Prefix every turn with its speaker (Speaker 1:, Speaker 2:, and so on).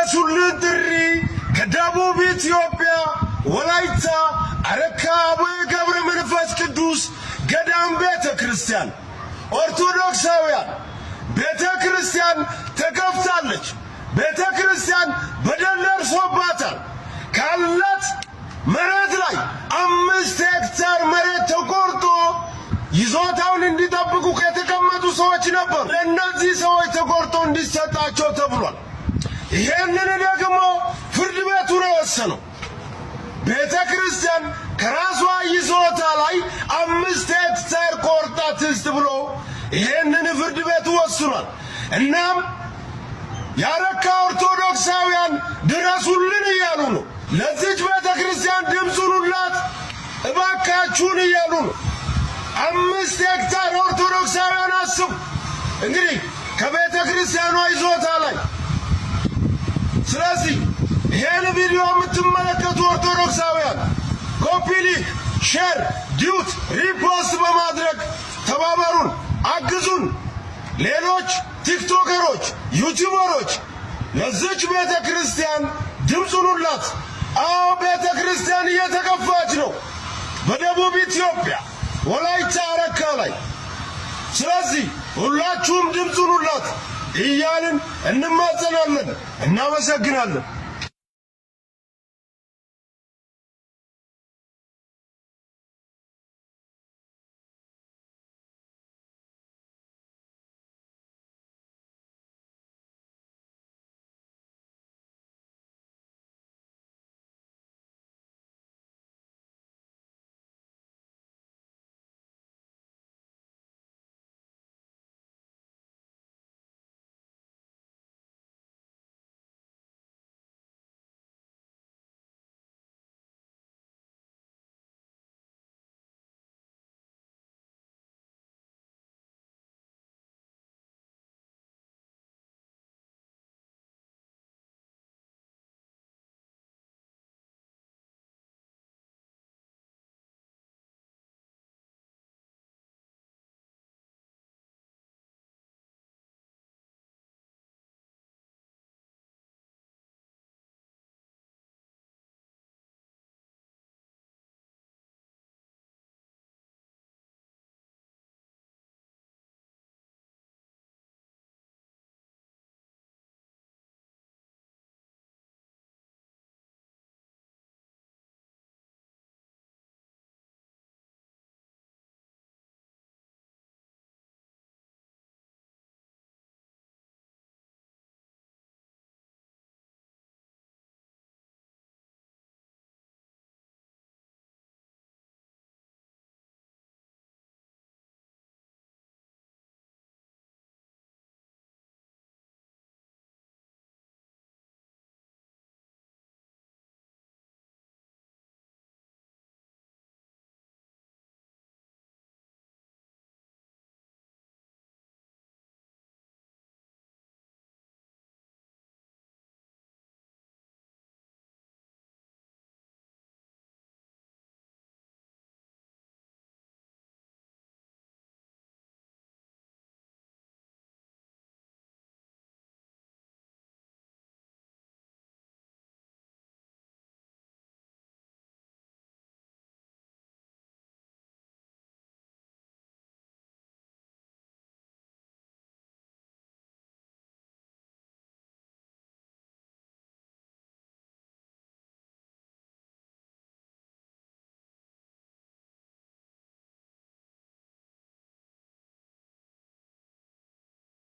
Speaker 1: የደረሱልን ጥሪ ከደቡብ ኢትዮጵያ ወላይታ አረካ አቡነ ገብረ መንፈስ ቅዱስ ገዳም ቤተ ክርስቲያን ኦርቶዶክሳውያን ቤተ ክርስቲያን ተከፍታለች። ቤተ ክርስቲያን በደል ደርሶባታል። ካላት መሬት ላይ አምስት ሄክታር መሬት ተቆርጦ ይዞታውን እንዲጠብቁ ከተቀመጡ ሰዎች ነበሩ። ለእነዚህ ሰዎች ተቆርጦ እንዲሰጣቸው ተብሏል። ይሄንን ደግሞ ፍርድ ቤቱ ነው የወሰነው። ቤተ ክርስቲያን ከራሷ ይዞታ ላይ አምስት ሄክታር ቆርጣ ትስጥ ብሎ ይሄንን ፍርድ ቤቱ ወስኗል። እናም ያረካ ኦርቶዶክሳውያን ድረሱልን እያሉ ነው። ለዚች ቤተ ክርስቲያን ድምፁኑላት እባካችሁን እያሉ ነው። አምስት ሄክታር ኦርቶዶክሳውያን አስቡ እንግዲህ ከቤተ ክርስቲያኗ ይዞታ ላይ ስለዚህ ይሄን ቪዲዮ የምትመለከቱ ኦርቶዶክሳውያን ኮፒ፣ ሊክ፣ ሼር፣ ዲዩት፣ ሪፖስት በማድረግ ተባበሩን፣ አግዙን። ሌሎች ቲክቶከሮች፣ ዩቲዩበሮች ለዚች ቤተ ክርስቲያን ድምፅ ሁኑላት። አዎ ቤተ ክርስቲያን እየተከፋች ነው በደቡብ ኢትዮጵያ ወላይታ አረካ ላይ። ስለዚህ ሁላችሁም ድምፅ ሁኑላት። እያልን እንማጸናለን፣ እናመሰግናለን።